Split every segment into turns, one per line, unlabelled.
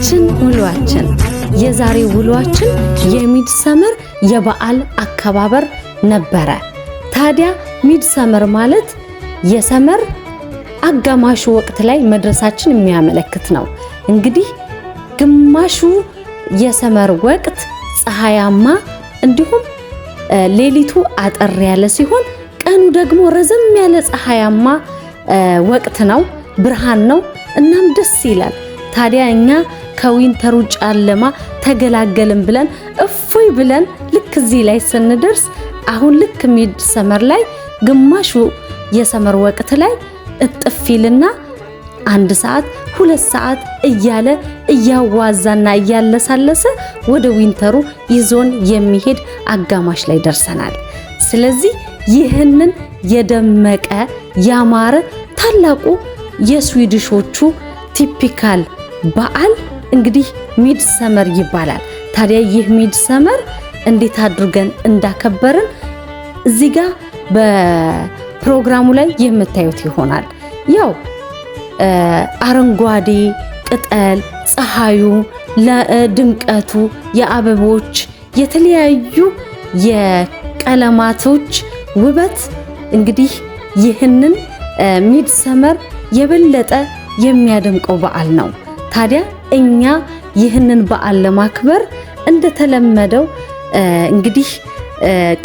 ውሏችን ውሏችን የዛሬ ውሏችን የሚድሰመር የበዓል አከባበር ነበረ። ታዲያ ሚድሰመር ማለት የሰመር አጋማሹ ወቅት ላይ መድረሳችን የሚያመለክት ነው። እንግዲህ ግማሹ የሰመር ወቅት ፀሐያማ እንዲሁም ሌሊቱ አጠር ያለ ሲሆን ቀኑ ደግሞ ረዘም ያለ ፀሐያማ ወቅት ነው፣ ብርሃን ነው። እናም ደስ ይላል። ታዲያ እኛ ከዊንተሩ ጨለማ ተገላገልን ብለን እፎይ ብለን ልክ እዚህ ላይ ስንደርስ አሁን ልክ ሚድ ሰመር ላይ ግማሹ የሰመር ወቅት ላይ እጥፊልና አንድ ሰዓት ሁለት ሰዓት እያለ እያዋዛና እያለሳለሰ ወደ ዊንተሩ ይዞን የሚሄድ አጋማሽ ላይ ደርሰናል። ስለዚህ ይህንን የደመቀ ያማረ ታላቁ የስዊድሾቹ ቲፒካል በዓል እንግዲህ ሚድ ሰመር ይባላል። ታዲያ ይህ ሚድ ሰመር እንዴት አድርገን እንዳከበርን እዚህ ጋር በፕሮግራሙ ላይ የምታዩት ይሆናል። ያው አረንጓዴ ቅጠል፣ ፀሐዩ፣ ለድምቀቱ የአበቦች የተለያዩ የቀለማቶች ውበት እንግዲህ ይህንን ሚድ ሰመር የበለጠ የሚያደምቀው በዓል ነው ታዲያ እኛ ይህንን በዓል ለማክበር እንደተለመደው እንግዲህ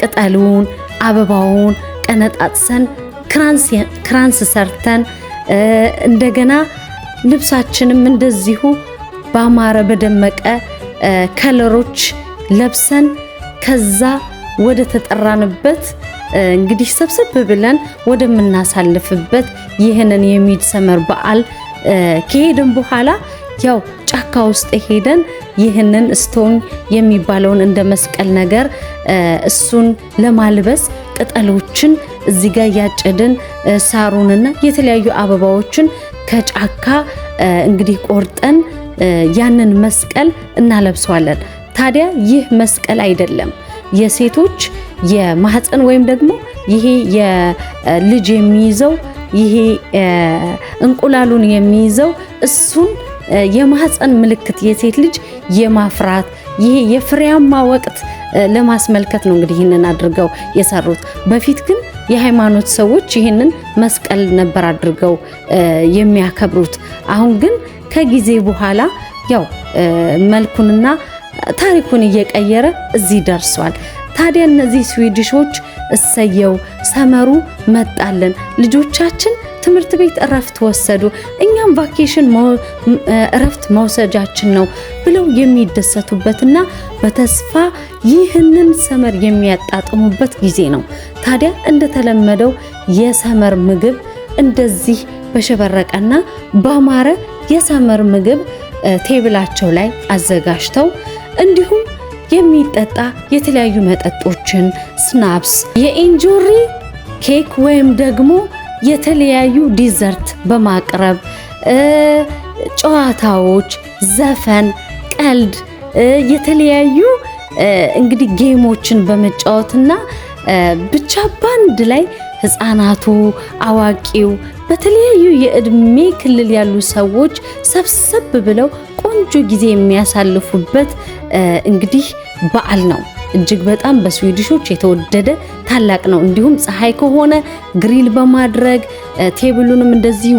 ቅጠሉን፣ አበባውን ቀነጣጥሰን ክራንስ ሰርተን እንደገና ልብሳችንም እንደዚሁ ባማረ በደመቀ ከለሮች ለብሰን ከዛ ወደ ተጠራንበት እንግዲህ ሰብሰብ ብለን ወደምናሳልፍበት ይህንን የሚድ ሰመር በዓል ከሄድን በኋላ ያው ጫካ ውስጥ ሄደን ይህንን ስቶን የሚባለውን እንደ መስቀል ነገር እሱን ለማልበስ ቅጠሎችን እዚህ ጋር ያጨድን ሳሩንና የተለያዩ አበባዎችን ከጫካ እንግዲህ ቆርጠን ያንን መስቀል እናለብሰዋለን። ታዲያ ይህ መስቀል አይደለም የሴቶች የማህፀን ወይም ደግሞ ይሄ የልጅ የሚይዘው ይሄ እንቁላሉን የሚይዘው እሱን የማህፀን ምልክት የሴት ልጅ የማፍራት ይሄ የፍሬያማ ወቅት ለማስመልከት ነው እንግዲህ ይህንን አድርገው የሰሩት። በፊት ግን የሃይማኖት ሰዎች ይህንን መስቀል ነበር አድርገው የሚያከብሩት። አሁን ግን ከጊዜ በኋላ ያው መልኩንና ታሪኩን እየቀየረ እዚህ ደርሷል። ታዲያ እነዚህ ስዊድሾች እሰየው ሰመሩ መጣልን። ልጆቻችን ትምህርት ቤት እረፍት ወሰዱ፣ እኛም ቫኬሽን እረፍት መውሰጃችን ነው ብለው የሚደሰቱበትና በተስፋ ይህንን ሰመር የሚያጣጥሙበት ጊዜ ነው። ታዲያ እንደተለመደው የሰመር ምግብ እንደዚህ በሸበረቀና ባማረ የሰመር ምግብ ቴብላቸው ላይ አዘጋጅተው እንዲሁም የሚጠጣ የተለያዩ መጠጦችን፣ ስናፕስ፣ የኢንጆሪ ኬክ ወይም ደግሞ የተለያዩ ዲዘርት በማቅረብ ጨዋታዎች፣ ዘፈን፣ ቀልድ፣ የተለያዩ እንግዲህ ጌሞችን በመጫወትና ብቻ ባንድ ላይ ህፃናቱ፣ አዋቂው በተለያዩ የእድሜ ክልል ያሉ ሰዎች ሰብሰብ ብለው ቆንጆ ጊዜ የሚያሳልፉበት እንግዲህ በዓል ነው። እጅግ በጣም በስዊድሾች የተወደደ ታላቅ ነው። እንዲሁም ፀሐይ ከሆነ ግሪል በማድረግ ቴብሉንም እንደዚህ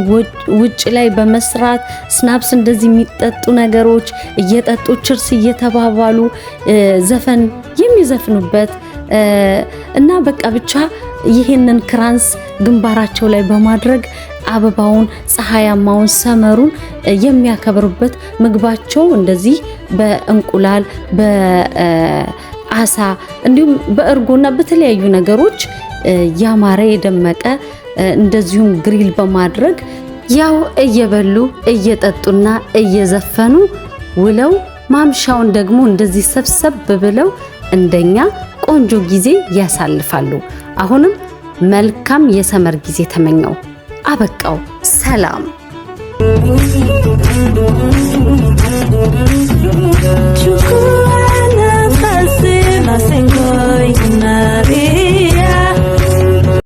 ውጭ ላይ በመስራት ስናፕስ፣ እንደዚህ የሚጠጡ ነገሮች እየጠጡ ችርስ እየተባባሉ ዘፈን የሚዘፍኑበት እና በቃ ብቻ ይህንን ክራንስ ግንባራቸው ላይ በማድረግ አበባውን፣ ፀሐያማውን ሰመሩን የሚያከብሩበት ምግባቸው እንደዚህ በእንቁላል በአሳ እንዲሁም በእርጎና በተለያዩ ነገሮች ያማረ የደመቀ እንደዚሁም ግሪል በማድረግ ያው እየበሉ እየጠጡና እየዘፈኑ ውለው ማምሻውን ደግሞ እንደዚህ ሰብሰብ ብለው እንደኛ ቆንጆ ጊዜ ያሳልፋሉ። አሁንም መልካም የሰመር ጊዜ ተመኘው። አበቃው። ሰላም